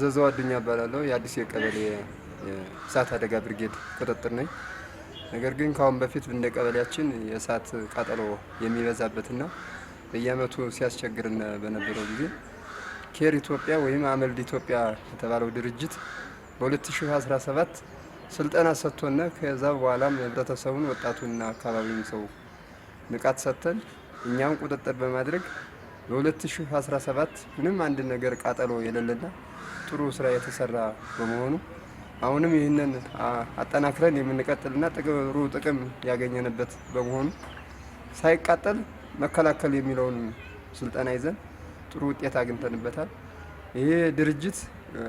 ዘዘው አዱኛ እባላለሁ። የአዲስ የቀበሌ የእሳት አደጋ ብርጌድ ቁጥጥር ነኝ። ነገር ግን ከአሁን በፊት እንደ ቀበሌያችን የእሳት ቃጠሎ የሚበዛበትና በየዓመቱ ሲያስቸግርን በነበረው ጊዜ ኬር ኢትዮጵያ ወይም አመልድ ኢትዮጵያ የተባለው ድርጅት በ2017 ስልጠና ሰጥቶና ከዛ በኋላም ህብረተሰቡን ወጣቱንና አካባቢውን ሰው ንቃት ሰጥተን እኛም ቁጥጥር በማድረግ በ2017 ምንም አንድ ነገር ቃጠሎ የሌለና ጥሩ ስራ የተሰራ በመሆኑ አሁንም ይህንን አጠናክረን የምንቀጥልና ጥሩ ጥቅም ያገኘንበት በመሆኑ ሳይቃጠል መከላከል የሚለውን ስልጠና ይዘን ጥሩ ውጤት አግኝተንበታል። ይሄ ድርጅት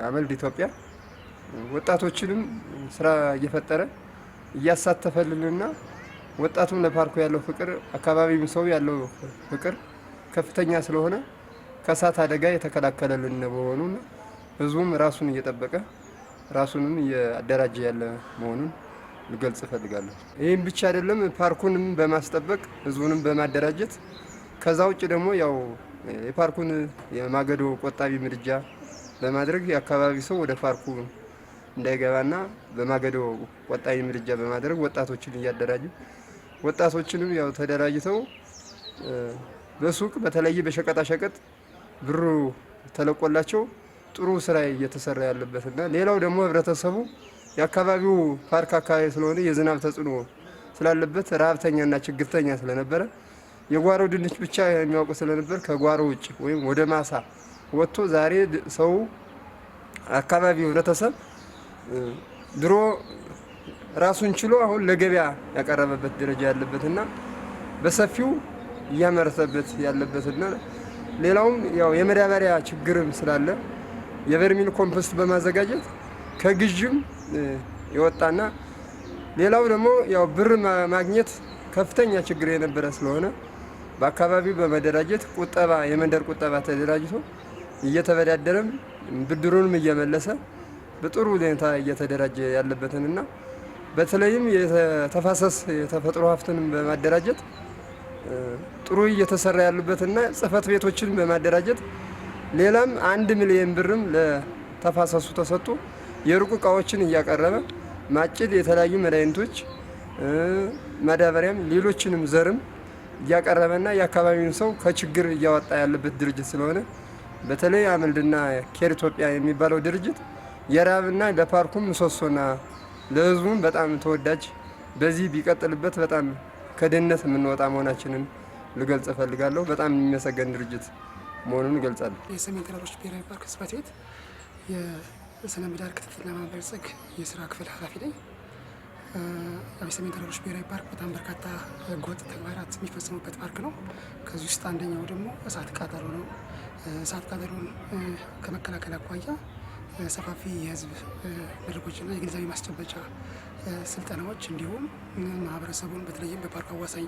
አመልድ ኢትዮጵያ ወጣቶችንም ስራ እየፈጠረ እያሳተፈልንና ወጣቱም ለፓርኩ ያለው ፍቅር፣ አካባቢም ሰው ያለው ፍቅር ከፍተኛ ስለሆነ ከእሳት አደጋ የተከላከለልን በመሆኑ ህዝቡም ራሱን እየጠበቀ ራሱንም እያደራጀ ያለ መሆኑን ልገልጽ እፈልጋለሁ። ይህም ብቻ አይደለም፣ ፓርኩንም በማስጠበቅ ህዝቡንም በማደራጀት ከዛ ውጭ ደግሞ ያው የፓርኩን የማገዶ ቆጣቢ ምድጃ በማድረግ የአካባቢ ሰው ወደ ፓርኩ እንዳይገባና በማገዶ ቆጣቢ ምድጃ በማድረግ ወጣቶችን እያደራጁ ወጣቶችንም ያው ተደራጅተው በሱቅ በተለይ በሸቀጣሸቀጥ ብሩ ተለቆላቸው ጥሩ ስራ እየተሰራ ያለበት እና ሌላው ደግሞ ህብረተሰቡ የአካባቢው ፓርክ አካባቢ ስለሆነ የዝናብ ተጽዕኖ ስላለበት ረሀብተኛና ችግርተኛ ስለነበረ የጓሮ ድንች ብቻ የሚያውቁ ስለነበር ከጓሮ ውጭ ወይም ወደ ማሳ ወጥቶ ዛሬ ሰው አካባቢው ህብረተሰብ ድሮ ራሱን ችሎ አሁን ለገበያ ያቀረበበት ደረጃ ያለበትና በሰፊው እያመረተበት ያለበትና ሌላውም ያው የመዳበሪያ ችግርም ስላለ የቨርሚል ኮምፖስት በማዘጋጀት ከግዥም የወጣና ሌላው ደግሞ ያው ብር ማግኘት ከፍተኛ ችግር የነበረ ስለሆነ በአካባቢው በመደራጀት ቁጠባ የመንደር ቁጠባ ተደራጅቶ እየተበዳደረም ብድሩንም እየመለሰ በጥሩ ሁኔታ እየተደራጀ ያለበትንና በተለይም የተፋሰስ የተፈጥሮ ሀብትንም በማደራጀት ጥሩ እየተሰራ ያሉበትና ጽህፈት ቤቶችን በማደራጀት ሌላም አንድ ሚሊዮን ብርም ለተፋሰሱ ተሰጡ የሩቅ እቃዎችን እያቀረበ ማጭድ፣ የተለያዩ መድኃኒቶች፣ ማዳበሪያም ሌሎችንም ዘርም እያቀረበና የአካባቢውን ሰው ከችግር እያወጣ ያለበት ድርጅት ስለሆነ በተለይ አመልድና ኬር ኢትዮጵያ የሚባለው ድርጅት የራብና ለፓርኩም ምሰሶና ለህዝቡም በጣም ተወዳጅ በዚህ ቢቀጥልበት በጣም ከድህነት የምንወጣ መሆናችንን ልገልጽ እፈልጋለሁ። በጣም የሚመሰገን ድርጅት መሆኑን እገልጻለሁ። የሰሜን ተራሮች ብሔራዊ ፓርክ ጽሕፈት ቤት የሥነ ምህዳር ክትትል ለማበልጸግ የስራ ክፍል ኃላፊ ነኝ። የሰሜን ተራሮች ብሔራዊ ፓርክ በጣም በርካታ ህገወጥ ተግባራት የሚፈጸሙበት ፓርክ ነው። ከዚህ ውስጥ አንደኛው ደግሞ እሳት ቃጠሎ ነው። እሳት ቃጠሎን ከመከላከል አኳያ ሰፋፊ የህዝብ መድረኮችና የግንዛቤ ማስጨበጫ ስልጠናዎች እንዲሁም ማህበረሰቡን በተለይም በፓርክ አዋሳኝ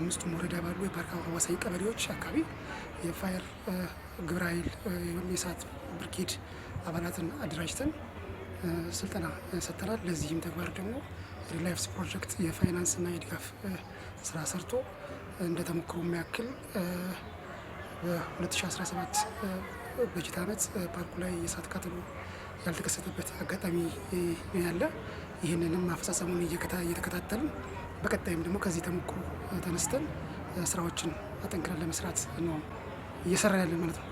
አምስቱም ወረዳ ባሉ የፓርክ አዋሳኝ ቀበሌዎች አካባቢ የፋየር ግብረ ኃይል ወይም የእሳት ብርጌድ አባላትን አደራጅተን ስልጠና ሰጥተናል። ለዚህም ተግባር ደግሞ ሪላይፍስ ፕሮጀክት የፋይናንስና የድጋፍ ስራ ሰርቶ እንደተሞክሮ የሚያክል በ2017 በጀት ዓመት ፓርኩ ላይ የእሳት ቃጠሎ ያልተከሰተበት አጋጣሚ ያለ ይህንንም አፈጻጸሙን እየተከታተልን በቀጣይም ደግሞ ከዚህ ተሞክሮ ተነስተን ስራዎችን አጠንክረን ለመስራት ነው እየሰራ ያለን ማለት ነው።